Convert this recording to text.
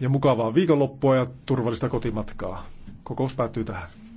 ja mukavaa viikonloppua ja turvallista kotimatkaa. Kokous päättyy tähän.